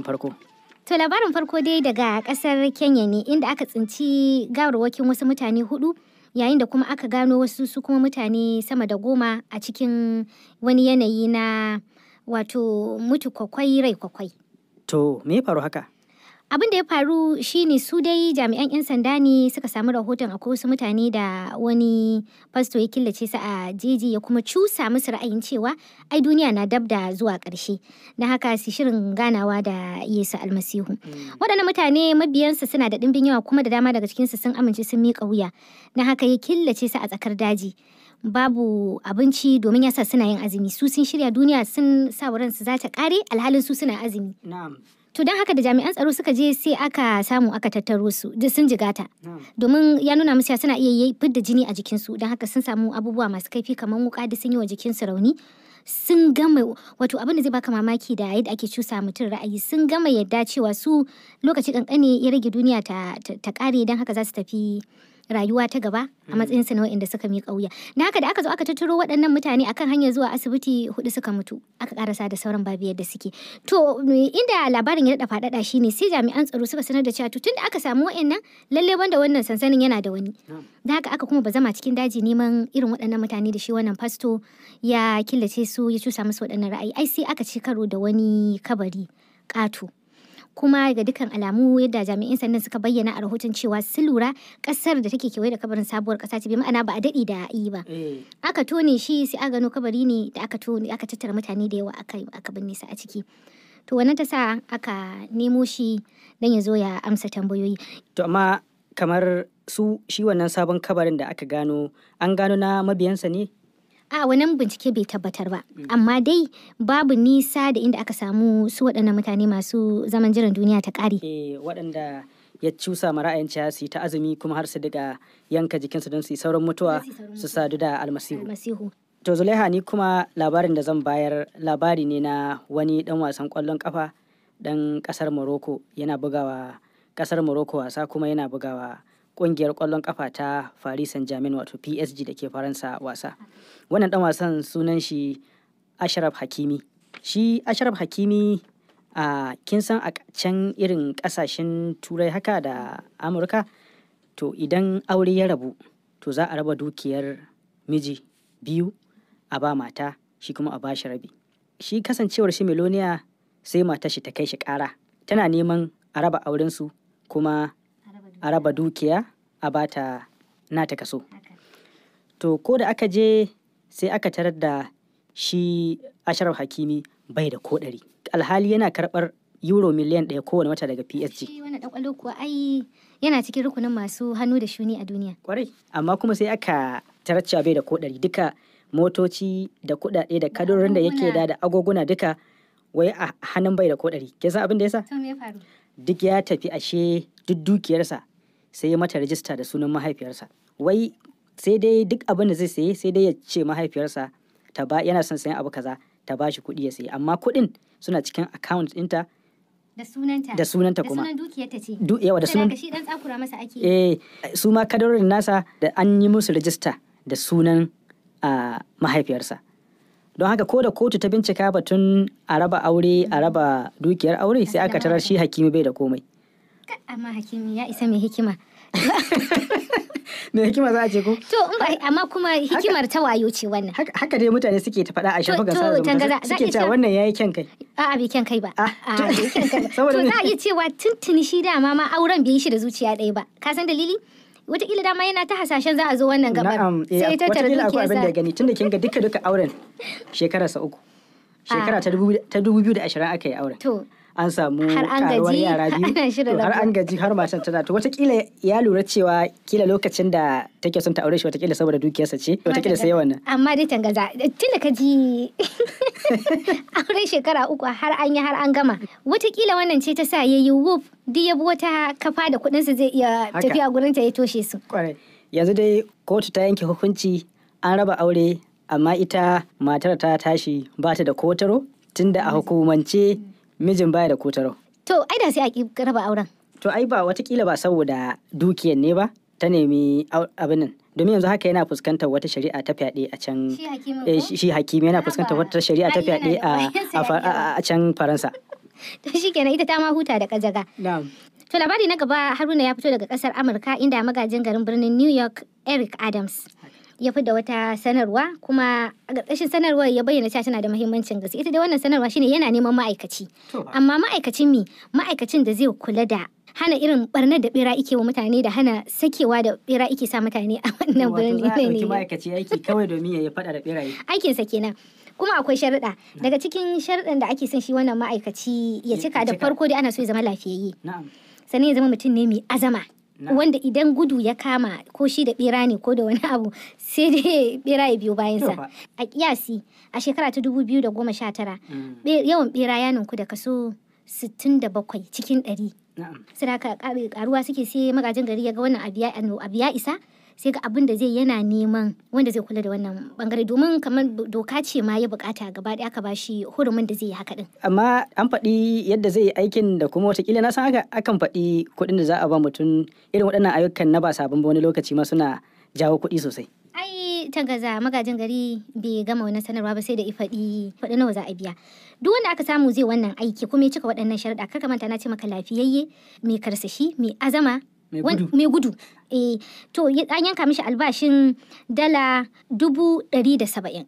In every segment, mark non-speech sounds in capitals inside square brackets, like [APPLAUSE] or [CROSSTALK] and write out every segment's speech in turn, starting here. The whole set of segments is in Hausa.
farko. To labarin farko dai daga kasar Kenya ne inda aka tsinci gawarwakin wasu mutane hudu yayin da kuma aka gano wasu su kuma mutane sama da goma a cikin wani yanayi na wato mutu kwakwai rai kwakwai. To me faru haka? abin da ya faru shine su dai jami'an 'yan sanda ne suka samu rahoton akwai wasu mutane da wani fasto ya killace su a jeji ya kuma cusa musu ra'ayin cewa ai duniya na dab da zuwa ƙarshe na haka su shirin ganawa da yesu almasihu mm. waɗannan mutane mabiyansa suna da ɗimbin yawa kuma da dama daga cikinsu sun amince sun miƙa wuya na haka ya killace su a tsakar daji babu abinci domin yasa suna yin azumi su sun shirya duniya sun sa wurin su za ta ƙare alhalin su suna azumi To don haka da jami'an tsaro suka je sai aka samu aka tattaro su sun jigata. Domin ya nuna musu suna iya yi fidda jini a jikinsu don haka sun samu abubuwa masu kaifi kamar wuka da sun yi wa su rauni. Sun gama wato abin da zai baka mamaki da yadda ake cusa mutum ra'ayi sun gama yadda cewa su lokaci kankane ya rage duniya ta, kare don haka za su tafi rayuwa ta gaba a hmm. matsayin sa na waɗanda suka mi kauya da haka da aka zo aka tattaro waɗannan mutane akan hanyar zuwa asibiti hudu suka mutu aka karasa da sauran babiyar da suke to inda labarin ya daɗa faɗaɗa shine sai jami'an tsaro suka sanar da cewa tun tunda aka samu waɗannan lalle wanda wannan sansanin yana da wani hmm. da haka aka kuma ba zama cikin daji neman irin waɗannan mutane da shi wannan fasto ya killace su ya cusa musu waɗannan ra'ayi ai sai aka ci karo da wani kabari ƙato kuma ga dukkan alamu yadda jami'in sandan suka bayyana a rahoton cewa su lura kasar da take kewaye da kabarin sabuwar kasa ce bi ma'ana ba a daɗi da yi ba eh. aka tone shi sai a gano kabari ne da aka tone aka tattara mutane da yawa aka aka binne su a ciki to wannan ta sa aka nemo shi dan ya zo ya amsa tambayoyi to amma kamar su shi wannan sabon kabarin da aka gano an gano na mabiyansa ne a wannan bincike bai tabbatar ba amma dai babu nisa da inda aka samu su waɗannan mutane masu zaman jiran duniya ta ƙare eh, waɗanda ya cusa ma ra'ayin cewa su ta azumi kuma har su daga yanka jikinsu don su yi sauran mutuwa su sadu da almasihu to zulaiha ni kuma labarin da zan bayar labari ne na wani dan wasan kwallon kafa dan kasar morocco yana bugawa kasar morocco wasa kuma yana bugawa kungiyar kwallon kafa ta Paris Saint-Germain wato PSG da ke Faransa wasa. Wannan dan wasan sunan shi Ashraf Hakimi. Shi Ashraf Hakimi a kin san a can irin kasashen turai haka da Amurka to idan aure ya rabu to za a raba dukiyar miji biyu a ba mata shi kuma a ba shi rabi. Shi kasancewar shi Meloniya sai mata shi ta kai shi kara tana neman a raba aurensu kuma a raba dukiya a bata nata kaso to ko da aka je sai aka tarar da shi ashraf hakimi bai da koɗari. alhali yana karɓar euro miliyan ɗaya kowane wata daga psg shi Wani ɗan kuwa ai yana cikin rukunin masu hannu da shuni a duniya kwarai amma kuma sai aka tarar cewa bai da koɗari duka motoci da kuɗaɗe da kadorin da yake da da agoguna duka wai a hannun bai da ko ɗari ya sa abin da faru? duk ya tafi ashe duk dukiyarsa sai ya mata rajista da sunan mahaifiyarsa wai sai dai duk abin da zai saye sai dai ya ce mahaifiyarsa ta ba yana son sayan abu kaza ta ba shi kuɗi ya saye amma kuɗin suna cikin account ɗinta da sunanta kuma da sunan ce yawa da sunan shi dan tsakura masa ake eh su ma kadarorin nasa da an yi musu rajista da sunan mahaifiyarsa don haka ko da kotu ta bincika batun a raba aure a raba dukiyar aure sai aka tarar shi hakimi bai da komai amma hakimi ya isa mai hikima [LAUGHS] mai hikima za a ce ko to amma kuma hikimar ta wayo ce wannan haka dai mutane suke ta faɗa a shafa ga sarrafa suke cewa wannan yayi kyan kai a a bai kyan kai ba ah, a bai kyan kai [LAUGHS] to za a iya cewa tuntuni shi dama ma auren bai yi shi da zuciya ɗaya ba ka san dalili wataƙila dama yana ta hasashen za a zo wannan gabar eh, sai ta tara dukiyarsa wataƙila akwai abin da gani tunda kin ga duka duka auren [LAUGHS] shekararsa uku shekara ta 2020 aka yi auren to an samu karuwar yara biyu [LAUGHS] har an gaji har matan tana to watakila ya lura cewa kila lokacin da take son ta aure shi watakila saboda dukiyarsa ce watakila sai wannan [LAUGHS] amma dai tangaza tunda ka ji [LAUGHS] aure shekara uku har an yi har an gama watakila wannan ce ta sa yayi wuf duk ya wata kafa da su zai iya tafiya gurin ta ya toshe su yanzu dai kotu ta yanke hukunci an raba aure amma ita matar ta tashi ba ta da kotaro tunda a mm. hukumance mijin baya da kotarau. To ai da sai a raba auren. To ai ba watakila ba saboda dukiyar ne ba ta nemi abinin Domin yanzu haka yana fuskantar wata shari'a ta fyaɗe a can shi hakimi eh, yana fuskantar wata shari'a ta fyaɗe [LAUGHS] a can Faransa. To shi kenan ita ta ma huta da kajaga. To labari na gaba Haruna ya fito daga ƙasar Amurka inda magajin garin birnin New York Eric Adams. ya da wata sanarwa kuma a ƙarƙashin sanarwar ya bayyana cewa tana da muhimmancin gaske ita dai wannan sanarwa shine yana neman ma'aikaci amma ma'aikacin mi ma'aikacin da zai kula da hana irin barnar da bira ike wa mutane da hana sakewa da bira ike sa mutane a wannan birni [LAUGHS] ne ma'aikaci aiki kawai domin ya yi faɗa da beraye aikin sa kenan kuma akwai sharuɗa daga cikin sharuɗan da ake son shi wannan ma'aikaci ya cika da farko dai ana so ya zama lafiyayye sannan ya zama mutum ne mai azama wanda idan gudu ya kama ko shi da bera ne ko da wani abu sai dai bera ya biyo bayansa a kiyasi a shekara ta da goma sha tara mm. yawan bera ya ninku da kaso sittin da bakwai cikin 100 sadaka karuwa suke sai magajin gari ya ga wannan abu ya isa sai ga abin da zai yana neman wanda zai kula da wannan bangare domin kamar doka ce ma ya bukata gaba ɗaya aka bashi hurumin da zai yi haka din amma an faɗi yadda zai yi aikin da kuma watakila na san haka akan faɗi kuɗin da za a ba mutum irin waɗannan ayyukan na ba sabon ba wani lokaci ma suna jawo kuɗi sosai ai gaza magajin gari bai gama wani sanarwa ba sai da ifaɗi faɗi nawa za a biya duk wanda aka samu zai wannan aiki kuma ya cika waɗannan sharuɗa kar ka manta na ce maka lafiyayye mai karsashi mai azama mai gudu eh to an yanka mishi albashin dala dubu ɗari da saba'in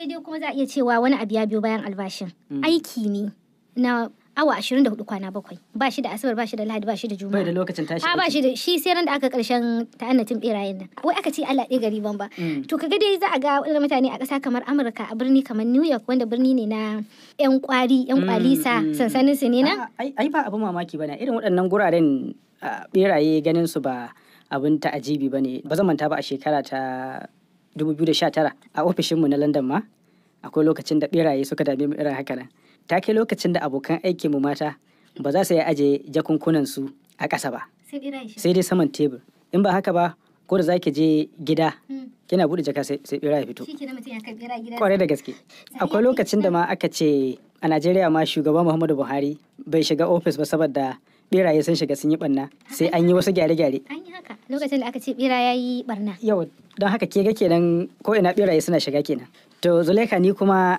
dai kuma za a iya cewa wani abu ya biyo bayan albashin hmm. aiki ne na awa 24 kwana bakwai ba shi da asabar ba shi da lahadi ba shi da juma'a bai da lokacin tashi ha ba shi da shi sai ran da aka karshen ta'annatin berayen nan wai aka ce Allah ɗaya gari ban ba hmm. to kaga dai za a ga wadannan mutane a ƙasa kamar Amurka a birni kamar New York wanda birni ne na ƴan kwari ƴan kwalisa hmm, sansanin su ne nan ai ba abu mamaki bane irin waɗannan guraren beraye ganin su ba abin ta'ajibi ba ne ba zan manta ba a shekara ta 2019 a ofishinmu na london ma akwai lokacin da beraye suka dame mu irin haka nan ta kai lokacin da abokan aikinmu mata ba za su yi aje jakunkunan su a ƙasa ba sai dai saman tebur in ba haka ba ko da zaki je gida hmm. kina buɗe jaka sai bera fito kwarai da gaske akwai lokacin da ma aka ce a najeriya ma shugaba muhammadu buhari bai shiga ofis ba saboda ɓeraye sun shiga sun yi barna sai an yi wasu gyare-gyare. An yi haka lokacin da aka ce bera ya yi ɓarna. Yau don haka ke ga kenan ko ina ɓeraye suna shiga kenan. To Zulaika ni kuma